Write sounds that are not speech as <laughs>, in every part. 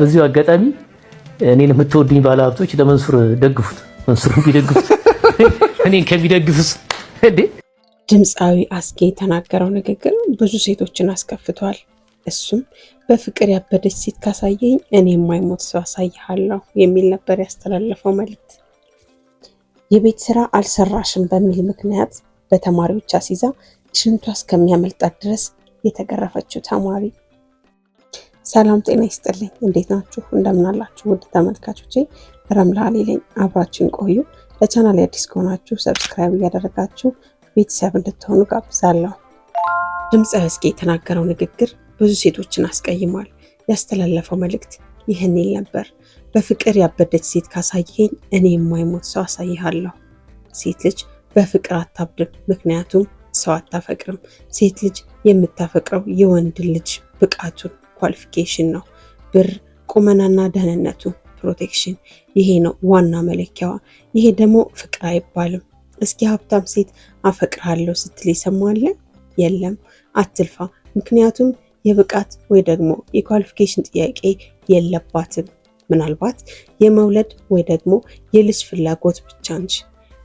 በዚሁ አጋጣሚ እኔን የምትወዱኝ ባለሀብቶች ለመንሱር ደግፉት። መንሱር ቢደግፉት <laughs> እኔን ከሚደግፉት እንዴ። ድምፃዊ አስጌ የተናገረው ንግግር ብዙ ሴቶችን አስከፍቷል። እሱም በፍቅር ያበደች ሴት ካሳየኝ እኔ የማይሞት ሰው አሳይሃለሁ የሚል ነበር ያስተላለፈው መልእክት። የቤት ስራ አልሰራሽም በሚል ምክንያት በተማሪዎች አሲዛ ሽንቷ እስከሚያመልጣት ድረስ የተገረፈችው ተማሪ ሰላም ጤና ይስጥልኝ። እንዴት ናችሁ? እንደምናላችሁ ውድ ተመልካቾቼ ረምላ ሌለኝ አብራችን ቆዩ። ለቻናል አዲስ ከሆናችሁ ሰብስክራይብ እያደረጋችሁ ቤተሰብ እንድትሆኑ ጋብዛለሁ። ድምፀ ሕዝቂ የተናገረው ንግግር ብዙ ሴቶችን አስቀይሟል። ያስተላለፈው መልእክት ይህን ይል ነበር። በፍቅር ያበደች ሴት ካሳየኝ እኔ የማይሞት ሰው አሳይሃለሁ። ሴት ልጅ በፍቅር አታብድም፣ ምክንያቱም ሰው አታፈቅርም። ሴት ልጅ የምታፈቅረው የወንድ ልጅ ብቃቱን ኳሊፊኬሽን ነው። ብር፣ ቁመናና ደህንነቱ ፕሮቴክሽን፣ ይሄ ነው ዋና መለኪያዋ። ይሄ ደግሞ ፍቅር አይባልም። እስኪ ሀብታም ሴት አፈቅርሃለሁ ስትል ይሰማለ? የለም፣ አትልፋ። ምክንያቱም የብቃት ወይ ደግሞ የኳሊፊኬሽን ጥያቄ የለባትም። ምናልባት የመውለድ ወይ ደግሞ የልጅ ፍላጎት ብቻ እንጂ።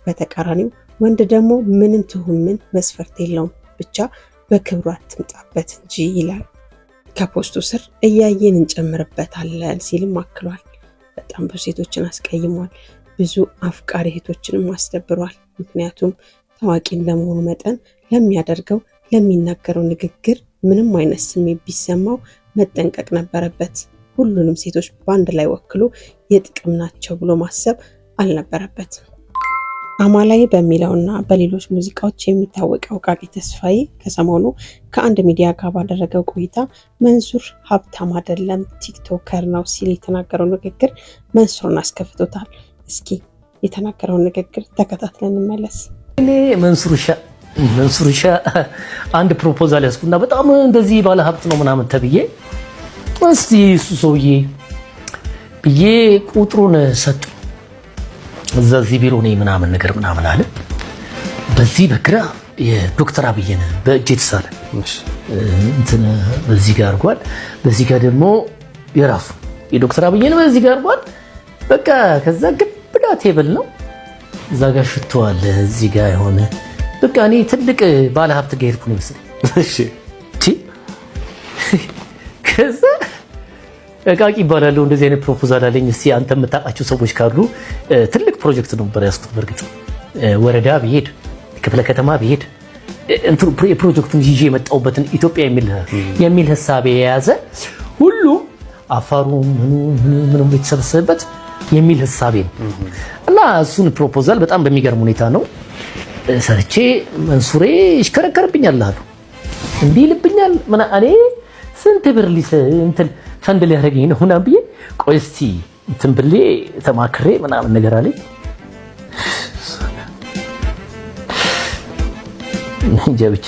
በተቃራኒው ወንድ ደግሞ ምንም ትሁን ምን መስፈርት የለውም ብቻ በክብሩ አትምጣበት እንጂ ይላል። ከፖስቱ ስር እያየን እንጨምርበታለን ሲልም አክሏል። በጣም ብዙ ሴቶችን አስቀይሟል። ብዙ አፍቃሪ እህቶችንም አስደብሯል። ምክንያቱም ታዋቂ እንደመሆኑ መጠን ለሚያደርገው ለሚናገረው ንግግር ምንም አይነት ስሜት ቢሰማው መጠንቀቅ ነበረበት። ሁሉንም ሴቶች በአንድ ላይ ወክሎ የጥቅም ናቸው ብሎ ማሰብ አልነበረበትም። አማላይ በሚለውና በሌሎች ሙዚቃዎች የሚታወቀው ቃቂ ተስፋዬ ከሰሞኑ ከአንድ ሚዲያ ጋር ባደረገው ቆይታ መንሱር ሀብታም አይደለም ቲክቶከር ነው ሲል የተናገረው ንግግር መንሱርን አስከፍቶታል። እስኪ የተናገረውን ንግግር ተከታትለን እንመለስ። እኔ መንሱር ሻ አንድ ፕሮፖዛል ያስኩና በጣም እንደዚህ ባለሀብት ነው ምናምን ተብዬ እስቲ እሱ ሰውዬ ብዬ ቁጥሩን ሰጡኝ እዛ ቢሮ እኔ ምናምን ነገር ምናምን አለ። በዚህ በግራ የዶክተር አብይን በእጅ የተሳለ በዚህ ጋር አድርጓል። በዚህ ጋር ደግሞ የራሱ የዶክተር አብይን በዚህ ጋር አድርጓል። በቃ ከዛ ግብዳ ቴብል ነው። እዛ ጋር ሽተዋል። እዚህ ጋር የሆነ በቃ እኔ ትልቅ ባለሀብት ሀብት ጋር ሄድኩ ነው ይመስለኝ ከዛ ቃቂ ይባላለሁ። እንደዚህ አይነት ፕሮፖዛል አለኝ። እስቲ አንተ የምታውቃቸው ሰዎች ካሉ ትልቅ ፕሮጀክት ነበር ያስኩት። በእርግጥ ወረዳ ብሄድ ክፍለ ከተማ ብሄድ የፕሮጀክቱን ይዤ የመጣሁበትን ኢትዮጵያ የሚል ሀሳብ የያዘ ሁሉም አፋሩ ምኑ የተሰበሰበበት የሚል ሀሳቤ ነው እና እሱን ፕሮፖዛል በጣም በሚገርም ሁኔታ ነው ሰርቼ መንሱሬ ይሽከረከርብኛል አሉ እንዲህ ይልብኛል ምና እኔ ስንት ብር ሰንድ ሊያደርገኝ ነው ምናምን ብዬ ቆይ እስቲ እንትን ብሌ ተማክሬ ምናምን ነገር አለ። እንጃ ብቻ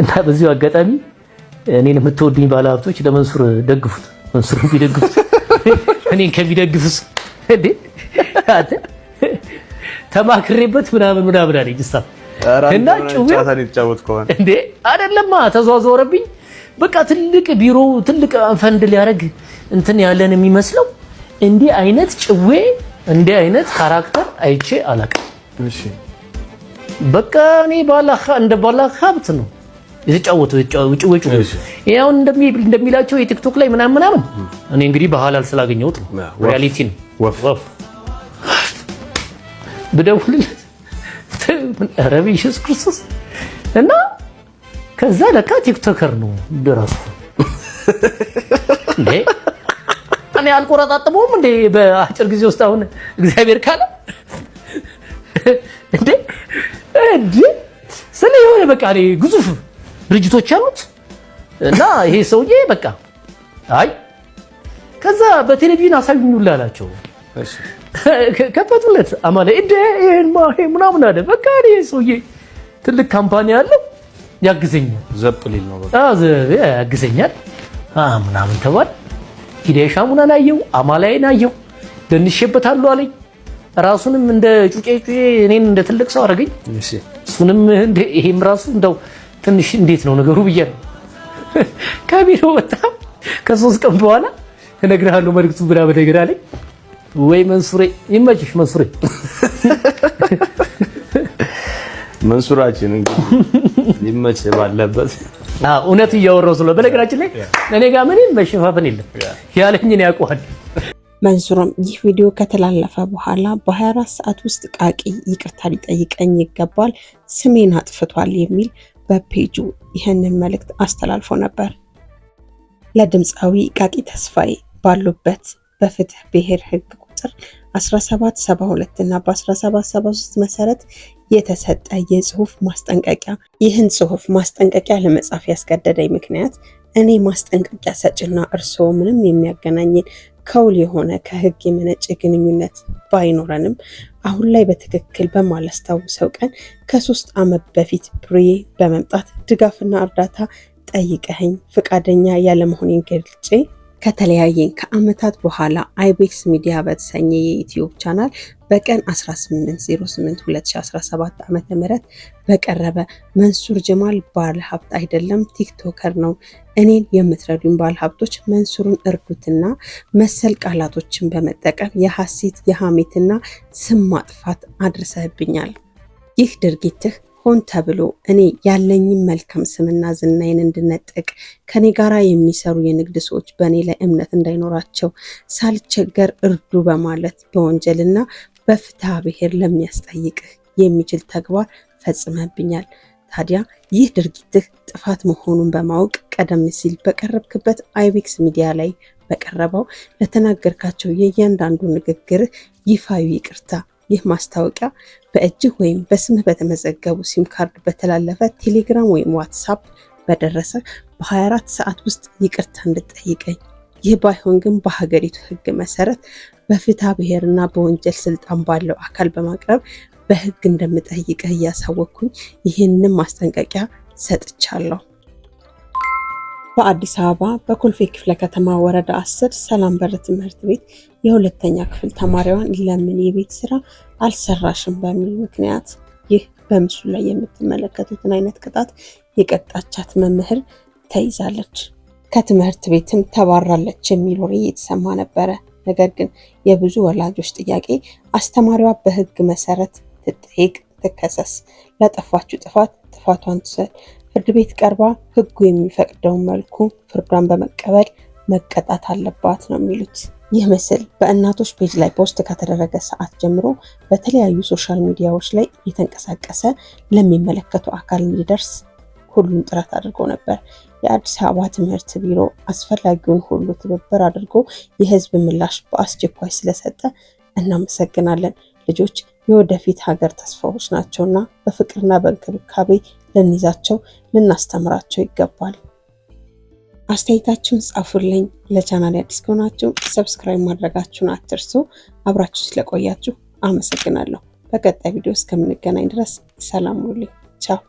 እና በዚሁ አጋጣሚ እኔን የምትወዱኝ ባለ ሀብቶች ለመንሱር ደግፉት። መንሱር ቢደግፉት <laughs> እኔን ከሚደግፉስ እንዴ ተማክሬበት ምናምን ምናምን አለኝ እና ጭዌ እንዴ አደለማ ተዘዋዘረብኝ። በቃ ትልቅ ቢሮ ትልቅ ፈንድ ሊያደርግ እንትን ያለን የሚመስለው እንዲህ አይነት ጭዌ እንዲህ አይነት ካራክተር አይቼ አላውቅም። እሺ በቃ እኔ ባላህ እንደ ባላህ ሀብት ነው የተጫወተው ጭዌ ያው እንደሚላቸው የቲክቶክ ላይ ምናምን ምናምን እኔ እንግዲህ በሐላል ስላገኘሁት ነው። ሪያሊቲ ነው። ወፍ ብደውልለት ረቢ ኢየሱስ ክርስቶስ እና ከዛ ለካ ቲክቶከር ነው ድረሱ እንዴ እኔ አልቆረጣጥመውም እንዴ በአጭር ጊዜ ውስጥ አሁን እግዚአብሔር ካለ እንዴ እንዴ ስለ የሆነ በቃ ግዙፍ ድርጅቶች አሉት እና ይሄ ሰውዬ በቃ አይ ከዛ በቴሌቪዥን አሳዩኝ አላቸው። ከፈቱለት አማላይ እንደ ይሄን ምናምን አለ። በቃ እኔ ሰውዬ ትልቅ ካምፓኒ አለው ያግዘኛል ዘብ ሊል ነው በቃ ያግዘኛል ምናምን ተባል። ሂዳ ሻሙናን አየው አማላይን አየው አሉ አለኝ። ራሱንም እንደ ጩጬ ጩጬ እኔን እንደ ትልቅ ሰው አደረገኝ። እሱንም ይሄም ራሱ እንደው ትንሽ እንዴት ነው ነገሩ ብዬ ነው ከቢሮ በጣም ከሶስት ቀን በኋላ እነግርሃለሁ መልዕክቱ ብላ በነገር አለኝ። ወይ መንሱሬ ይመችሽ መንሱሬ መንሱራችን እንግዲህ <laughs> ሊመቸ ባለበት እውነት እያወራሁ ስለ በነገራችን ላይ እኔ ጋር ምንም መሸፋፈን የለም ያለኝን ያውቀዋል። መንሱርም ይህ ቪዲዮ ከተላለፈ በኋላ በ24 ሰዓት ውስጥ ቃቂ ይቅርታ ሊጠይቀኝ ይገባል፣ ስሜን አጥፍቷል የሚል በፔጁ ይህንን መልእክት አስተላልፎ ነበር። ለድምፃዊ ቃቂ ተስፋዬ ባሉበት በፍትህ ብሔር ህግ ቁጥር 1772 እና በ1773 መሰረት የተሰጠ የጽሁፍ ማስጠንቀቂያ። ይህን ጽሁፍ ማስጠንቀቂያ ለመጻፍ ያስገደደኝ ምክንያት እኔ ማስጠንቀቂያ ሰጭና እርስዎ ምንም የሚያገናኝን ከውል የሆነ ከህግ የመነጨ ግንኙነት ባይኖረንም አሁን ላይ በትክክል በማላስታውሰው ቀን ከሶስት ዓመት በፊት ፕሬ በመምጣት ድጋፍና እርዳታ ጠይቀኸኝ ፈቃደኛ ያለመሆኔን ገልጬ ከተለያየን ከአመታት በኋላ አይቤክስ ሚዲያ በተሰኘ የዩትዩብ ቻናል በቀን 18082017 ዓ ም በቀረበ መንሱር ጀማል ባለ ሀብት አይደለም ቲክቶከር ነው፣ እኔን የምትረዱኝ ባለ ሀብቶች መንሱርን እርዱትና መሰል ቃላቶችን በመጠቀም የሐሴት የሐሜትና ስም ማጥፋት አድርሰህብኛል። ይህ ድርጊትህ ሆን ተብሎ እኔ ያለኝን መልካም ስምና ዝናዬን እንድነጠቅ ከኔ ጋራ የሚሰሩ የንግድ ሰዎች በእኔ ላይ እምነት እንዳይኖራቸው ሳልቸገር እርዱ በማለት በወንጀልና በፍትሐ ብሔር ለሚያስጠይቅህ የሚችል ተግባር ፈጽመብኛል። ታዲያ ይህ ድርጊትህ ጥፋት መሆኑን በማወቅ ቀደም ሲል በቀረብክበት አይቤክስ ሚዲያ ላይ በቀረበው ለተናገርካቸው የእያንዳንዱ ንግግር ይፋዊ ይቅርታ ይህ ማስታወቂያ በእጅህ ወይም በስምህ በተመዘገቡ ሲም ካርድ በተላለፈ ቴሌግራም ወይም ዋትሳፕ በደረሰ በ24 ሰዓት ውስጥ ይቅርታ እንድጠይቀኝ፣ ይህ ባይሆን ግን በሀገሪቱ ሕግ መሰረት በፍትሐ ብሔርና በወንጀል ስልጣን ባለው አካል በማቅረብ በሕግ እንደምጠይቀህ እያሳወቅኩኝ ይህንም ማስጠንቀቂያ ሰጥቻለሁ። በአዲስ አበባ በኮልፌ ክፍለ ከተማ ወረዳ አስር ሰላም በር ትምህርት ቤት የሁለተኛ ክፍል ተማሪዋን ለምን የቤት ስራ አልሰራሽም በሚል ምክንያት ይህ በምስሉ ላይ የምትመለከቱትን አይነት ቅጣት የቀጣቻት መምህር ተይዛለች፣ ከትምህርት ቤትም ተባራለች የሚል ወሬ የተሰማ ነበረ። ነገር ግን የብዙ ወላጆች ጥያቄ አስተማሪዋ በህግ መሰረት ትጠይቅ፣ ትከሰስ፣ ለጠፋችው ጥፋት ጥፋቷን ትውሰድ ፍርድ ቤት ቀርባ ህጉ የሚፈቅደውን መልኩ ፍርዷን በመቀበል መቀጣት አለባት ነው የሚሉት። ይህ ምስል በእናቶች ፔጅ ላይ ፖስት ከተደረገ ሰዓት ጀምሮ በተለያዩ ሶሻል ሚዲያዎች ላይ እየተንቀሳቀሰ ለሚመለከቱ አካል እንዲደርስ ሁሉን ጥረት አድርጎ ነበር። የአዲስ አበባ ትምህርት ቢሮ አስፈላጊውን ሁሉ ትብብር አድርጎ የህዝብ ምላሽ በአስቸኳይ ስለሰጠ እናመሰግናለን። ልጆች የወደፊት ሀገር ተስፋዎች ናቸውና በፍቅርና በእንክብካቤ ልንይዛቸው፣ ልናስተምራቸው ይገባል። አስተያየታችሁን ጻፉልኝ። ለቻናል አዲስ ከሆናችሁ ሰብስክራይብ ማድረጋችሁን አትርሱ። አብራችሁ ስለቆያችሁ አመሰግናለሁ። በቀጣይ ቪዲዮ እስከምንገናኝ ድረስ ሰላም ሁሉ ቻው